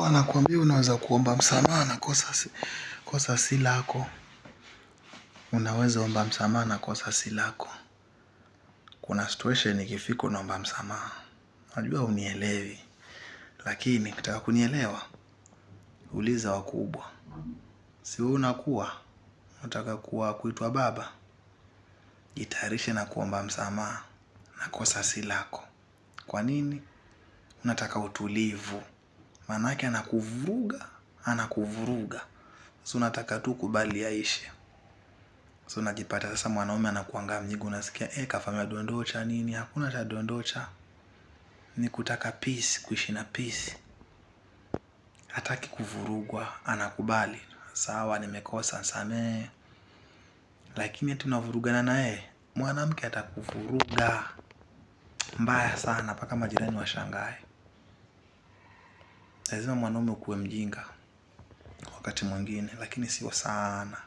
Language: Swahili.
Wanakuambia unaweza kuomba msamaha na kosa si lako. Unaweza omba msamaha na kosa si lako. Kuna situation ikifika unaomba msamaha. Najua unielewi. Lakini ukitaka kunielewa uliza wakubwa. Si wewe unakuwa unataka kuwa kuitwa baba. Jitayarishe na kuomba msamaha na kosa si lako. Kwa nini? Unataka utulivu maanake anakuvuruga anakuvuruga, so unataka tu kubali aishe. So unajipata sasa mwanaume anakuangaa mnyigo, unasikia eh, kafanya dondocha nini? Hakuna cha dondocha, ni kutaka peace, kuishi na peace. Hataki kuvurugwa, anakubali sawa, nimekosa, samehe. Lakini tunavurugana naye, mwanamke atakuvuruga mbaya sana, mpaka majirani washangae lazima mwanaume ukuwe mjinga wakati mwingine, lakini sio sana.